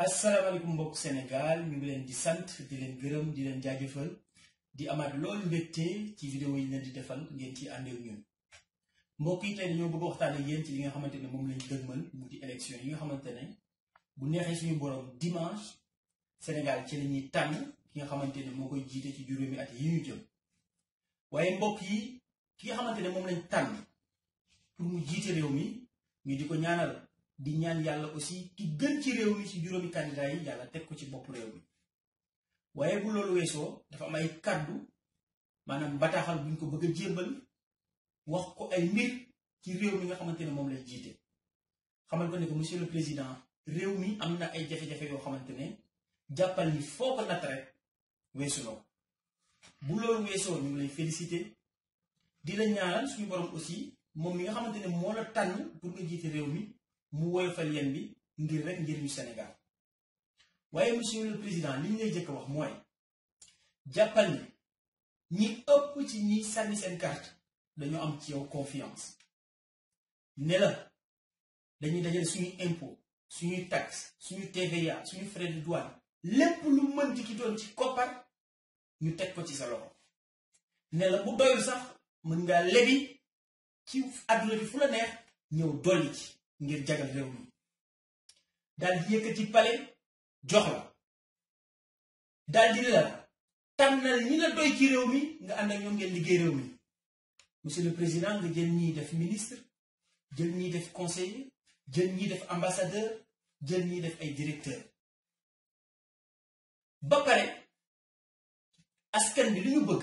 asalaamaaleykum mbokk Sénégal ñu ngi leen di sant di leen gërëm di leen jaajëfal di amaat loolu mbégte ci vidéo yi leen di defal ngeen ci àndew ñun mbokk yi tey dañoo bëgg waxtaan ak yéen ci li nga xamante ne moom lañ dëgmal mu di élection yi nga xamante ne bu neexee suñu borom dimanche Sénégal ci la ñuy tànn ki nga xamante ne moo koy jiite ci juróomi at yi ñu jëm waaye mbokk yi ki nga xamante ne moom lañ tànn pour mu jiite réew mi ñu di ko ñaanal di ñaan yalla aussi ki gën ci réew mi ci juroomi candidat yi yalla tek ko ci bop réew mi waye bu loolu weesoo dafa am ay cadeau manam bataxal buñ ko bëgg jëmbal wax ko ay nit ci réew mi nga xamantene mom lay jité xamal ko ne ko monsieur le président réew mi amna na ay jafé jafé yo xamantene jappal ni foko ko natt rek weesu na bu loolu weesoo ñu lay féliciter di la ñaanal suñu borom aussi mom mi nga xamantene mo la tan pour nga jité réew mi mu woyofal yéen bi ngir rek njëriñu Sénégal waaye monsieur le président li ñu lay jëkk wax mooy jàppal ni ñi ëpp ci ñi sànni seen carte dañoo am ci yow confiance ne la dañuy dajale suñu impôt suñuy taxe suñu TVA suñuy frais de douane lépp lu mën ki doon ci koppar ñu teg ko ci sa loxo ne bu doyul sax mën ngaa lebi ci àdduna bi fu la neex ñëw dolli ci ngir jagal réew mi daal di yëkkati pale jox la daal di la tanal ñi la doy ci réew mi nga and ak ñom ngeen liggéey réew mi monsieur le président nga jël ñiy def ministre jël ñi def conseiller jël ñi def ambassadeur jël ñi def ay directeur ba pare askan bi li ñu bëgg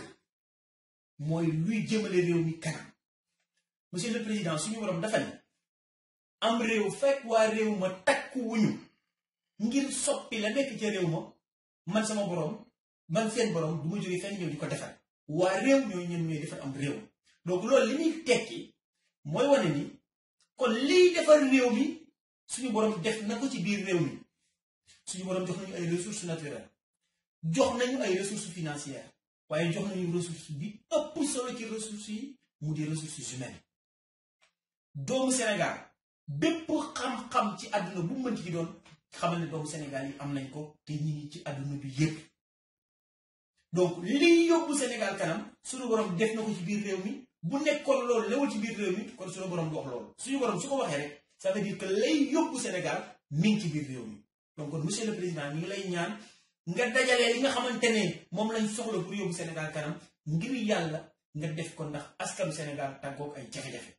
moy luy jëmele réew mi kanam monsieur le président suñu worom dafa ne am réew fekk waa réew ma takku wuñu ngir soppi la nekk ca réew ma man sama borom man seen borom du ma jógee fenn ñëw di ko defar waa réew ñooy ñoom ñooy defar am réew donc loolu li muy kon liy defar réew mi suñu borom def na ko ci biir suñu borom jox nañu ay ressources jox nañu ay ressources financières waaye jox nañu ressource bi ci ressources yi mu di doomu Sénégal. bépp xam-xam ci àdduna bu mën ci doon xamal ne doomu Sénégal yi am nañ ko te ñi ngi ci àdduna bi yépp donc lii yóbbu Sénégal kanam suñu borom def na ko ci biir réew mi bu nekkoon loolu newul ci biir réew mi kon suñu borom du wax loolu suñu borom su ko waxee rek ça veut dire que lay yóbbu Sénégal mi ngi ci biir réew mi donc kon monsieur le président ñu lay ñaan nga dajalee li nga xamante ne moom lañ soxla pour yóbbu Sénégal kanam ngir yàlla nga def ko ndax askanu Sénégal tàggoog ay jafe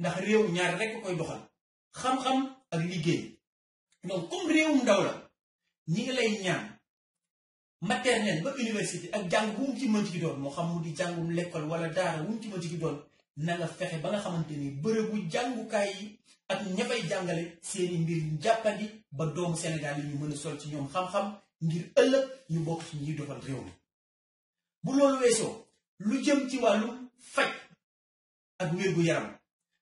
ndax réew ñaar rekk koy doxal xam-xam ak liggéey donc comme réewum ndaw la ñi ngi lay ñaan maternelle ba université ak jàng bu mu ci mën ci doon moo xam mu di jàngum lekkool wala daara bu ci mën ci doon na fexe ba nga xamante ni bërëbu jàngukaay yi ak ña fay jàngale seeni mbir ñu ba doomu Sénégal yi ñu mën sol ci ñoom xam-xam ngir ëllëg ñu bokk ci ñuy doxal réew mi bu loolu weesoo lu jëm ci wàllu faj ak wér gu yaram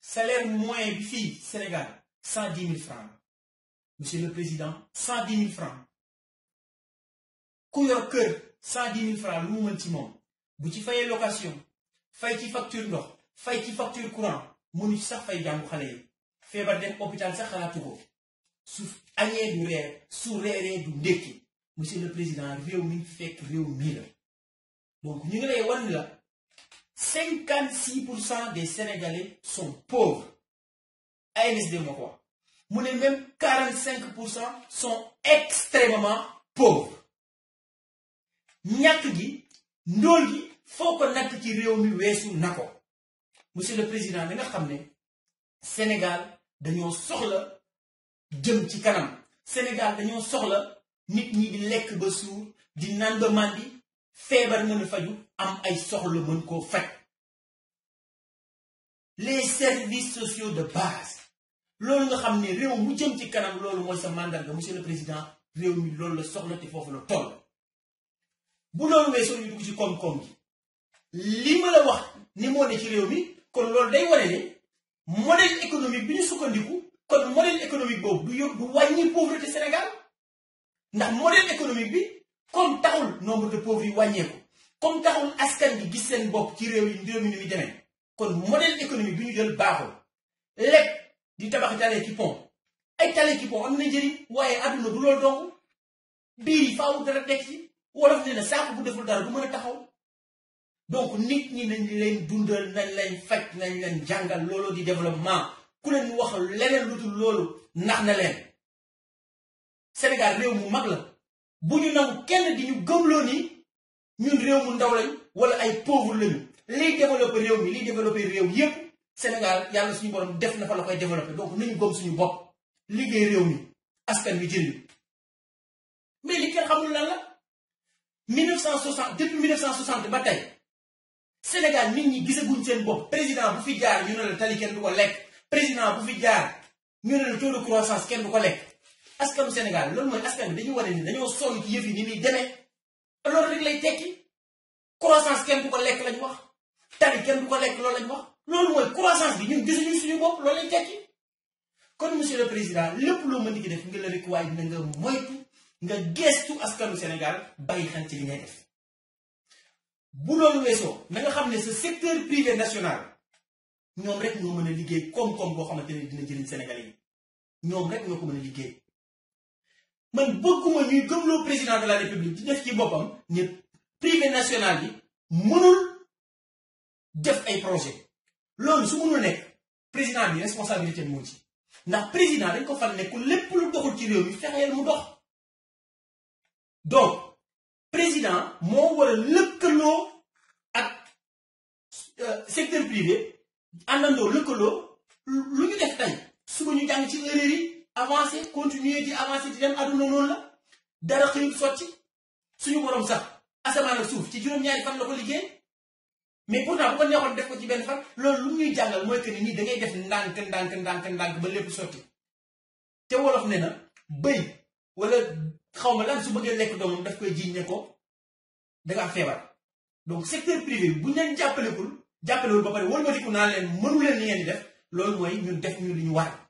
salaire moins fille, Sénégal, 110 000 francs. Monsieur le Président, 110 000 francs. Couillon cœur, 110 000 francs, nous mentimons. Vous qui faites location, Faïti facture l'or, Faïti facture courant, mon ça fait d'un moukhalé. Fait par des hôpitaux, ça fait la Sous année du rêve, sous rêve du déki. Monsieur le Président, réunis, fait Donc, nous avons dit, 56% des Sénégalais sont pauvres. ANSD Mokwa. même 45% sont extrêmement pauvres. ñàkk gi ndóol gi il ko natt ci réew mi weesu monsieur le président vous nga Sénégal nous soxla jëm ci kanam Sénégal nous soxla nit ñi di lekk ba suur di naan ba am ay soxla mën koo faj les services sociaux de base loolu nga xam ne réew mu jëm ci kanam loolu mooy sa mandarga monsieur le président réew mi loolu la soxla te foofu la toll bu loolu weesoo ñu dugg ci koom-koom gi li ma la wax ni moo ne ci réew mi kon loolu day wane ne modèle économique bi ñu sukkandiku kon modèle économique boobu du yób wàññi pauvreté Sénégal ndax modèle économique bi comme taxul nombre de pauvres yi wàññeeku comme taxul askan bi gis seen bopp ci réew yi réew mi ni muy demee kon modèle économique bi ñu jël baaxul lekk di tabax tale ki pont ay tale ki pont am na njëriñ waaye àdduna du loolu donc biir yi faaw dara dekk ci wolof nee na bu deful dara du mën a taxaw donc nit ñi nañ leen dundal nañ leen faj nañ leen jàngal looloo di développement ku leen wax leneen lu dul loolu ndax na leen Sénégal réew mu mag la bu ñu nangu kenn di ñu gëmloo ni ñun réew mu ndaw lañ wala ay pauvre lañu liy développé réew mi liy développé réew yépp Sénégal yàlla suñu borom def na fa la koy développé donc nañ gom suñu bopp liggéey réew mi askan wi jëriñu mais li kenn xamul lan la 1960 depuis 1960 ba tey Sénégal nit ñi gisaguñ seen bopp président bu fi jaar ñu ne la tali kenn du ko lekk président bu fi jaar ñu ne la taux de croissance kenn du ko lekk askanu Sénégal loolu mooy askan bi dañu war a ni dañoo sonn ci yëf yi ni muy demee loolu rek lay tekki croissance kenn du ko lekk lañ wax tari kenn du ko lekk loolu lañ wax loolu mooy croissance bi ñun gisuñu suñu bopp loolu lay tekki kon monsieur le président lépp loo mën di def nga la rek waaye dina nga moytu nga geestu askanu Sénégal bàyyi xel ci li ngay def bu loolu weesoo na nga xam ne sa secteur privé national ñoom rek ñoo mën a liggéey koom-koom boo xamante ne dina jëriñ Sénégalais yi ñoom rek ñoo ko mën a liggéey man bëgguma ñuy gëmloo président de la république di def ci bopam ne privé national yi mënul def ay projet loolu su mënul nek président bi responsabilité moo ci ndax président dañ ko fa nekku lepp lu doxul ci réew mi fexeel mu dox donc président mo wara lekkelo lëkkaloo ak euh, secteur privé andando lekkelo lu ñu def tey suba ñu jàng ci erreur yi avancer continuer di avancer di dem àdduna noonu la dara xëyul sotti suñu borom sax asamaan ak suuf ci juróom-ñaari fan la ko liggéey mais pourtant bu ko neexoon def ko ci benn fan loolu lu muy jàngal mooy que ni nii da ngay def ndànk ndànk ndànk ndànk ba lépp sotti te wolof ne na bëy walla xaw ma lan su bëggee lekk doomam daf koy jiñ ne ko da nga feebar donc secteur privé bu ñu leen jàppalekul jàppalewul ba pare wëlbatiku naa leen mënu leen li ngeen di def mooy ñun def ñu li ñu war.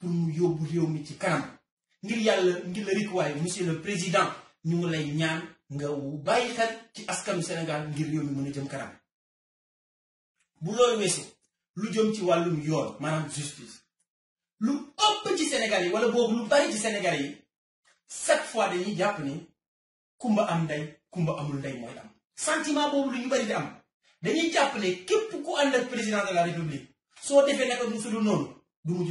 pour mu réew mi ci kanam ngir yàlla ngir la rek waaye monsieur le président ñu ngi lay ñaan nga bàyyi xel ci askanu Sénégal ngir réew mi mën jëm kanam bu loolu weesu lu jëm ci wàllum yoon maanaam justice lu ëpp ci Sénégal yi wala boobu lu bari ci Sénégal yi chaque fois dañuy jàpp ni kumba am ndey kumba amul ndey mooy am sentiment boobu lu ñu bari di am dañuy jàpp ne képp ku ànd président de la république soo defee naka du su dul noonu du mujj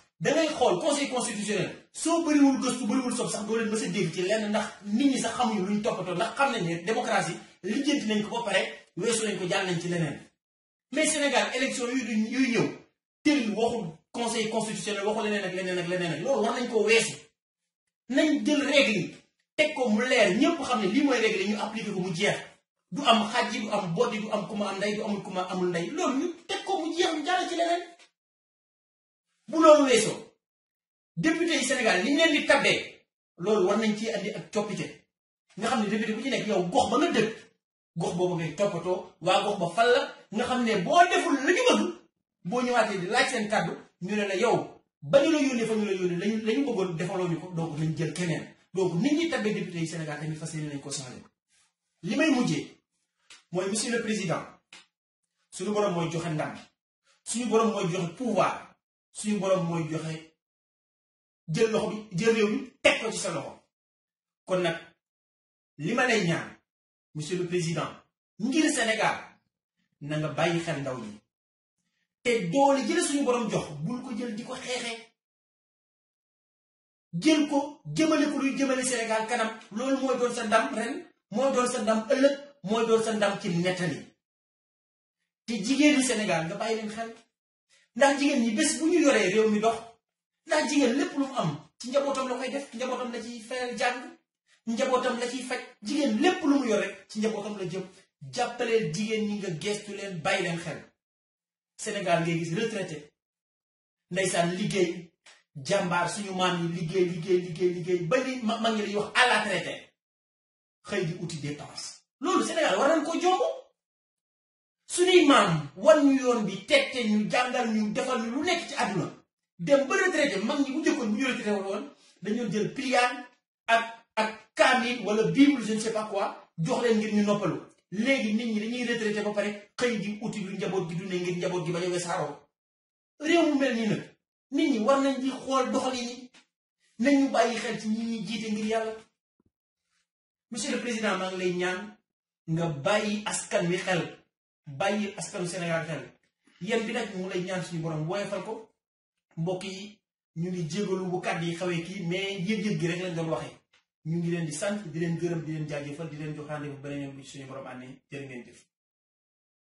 da ngay xool conseil constitutionnel soo bëriwul gëstu bëriwul sob sax doo leen mës a dégg ci lenn ndax nit ñi sax xamuñu luñ toppatoo ndax xam nañ ne démocratie lijjanti nañ ko ba pare weesu nañ ko jàll nañ ci leneen mais Sénégal élection yu du yuy ñëw tëll waxul conseil constitutionnel waxu leneen ak leneen ak leneen ak loolu nañ koo weesu nañ jël règle yi teg ko mu leer ñëpp xam ne lii mooy règle ñu appliqué ko mu jeex du am xaj yi du am boddi du am kuma am ndey du amul kuma amul ndey loolu ñu teg ko mu jeex mu jàll ci leneen bu loolu weesoo député yi Sénégal li ñu leen di tabbee loolu war nañ ci andi ak coppite nga xam ne député bu ci nekk yow gox ba nga dëkk gox boobu ngay toppatoo waa gox ba fal la nga xam ne boo deful la ñu bëgg boo ñëwaatee laaj seen kàddu ñu ne la yow ba ñu la yónnee la lañu ñu bëggoon defaloo ñu ko donc nañ jël keneen donc nit ñi tabbee député yi Sénégal tamit fas yéene nañ ko soxla li may mujjee mooy monsieur le président suñu borom mooy joxe ndam suñu borom mooy joxe pouvoir. suñu borom mooy joxe jël loxo bi jël réew mi teg ko ci sa loxo kon nag li ma lay ñaan monsieur le président ngir Sénégal na nga bàyyi xel ndaw ñi te doole jële suñu borom jox bul ko jël di ko xeexee jël ko jëmale ko luy jëmale Sénégal kanam loolu mooy doon sa ndam ren mooy doon sa ndam ëllëg mooy doon sa ndam ci nettali te jigéenu Sénégal nga bàyyi leen xel. ndax jigéen ñi bés bu ñu yoree réew mi dox ndax jigéen lépp lu mu am ci njabootam la koy def njabootam la ciy fayal jàng njabootam la ciy faj jigéen lépp lu mu yore ci njabootam la jëm jàppaleel jigéen ñi nga gestu leen bàyyi leen xel Sénégal ngay gis retraité ndeysaan liggéey jàmbaar suñu maam yi liggéey liggéey liggéey ba ni ma ma ngi lay wax à traité xëy di outil dépense loolu Sénégal war nañ ko jombo suñuy maam wan ñu yoon bi tette ñu jàngal ñu defal ñu lu nekk ci àdduna dem ba retraité mag ñi bu njëkkoon bu ñu retraité woon dañoo jël pliaan ak ak kaamil wala bible je ne sais pas jox leen ngir ñu noppalu léegi nit ñi dañuy retraité ba pare xëy di uti lu njaboot gi dundee ngir njaboot gi ba ñëwee saaroo réew mu mel nii nag nit ñi war nañ di xool doxalin yi nañu bàyyi xel ci ñi ñuy jiite ngir yàlla monsieur le président maa ngi lay ñaan nga bàyyi askan wi xel. bàyyil askanu Sénégal xel yéen bi nag mu lay ñaan suñu borom woyofal ko mbokk yi ñu ngi jégalu bu kàddu yi xawee mais yëg-yëg gi rek lañ doon waxee ñu ngi leen di sant di leen gërëm di leen jaajëfal di leen jox rendez-vous beneen yoon bi suñu borom ànd jërë ngeen jëf.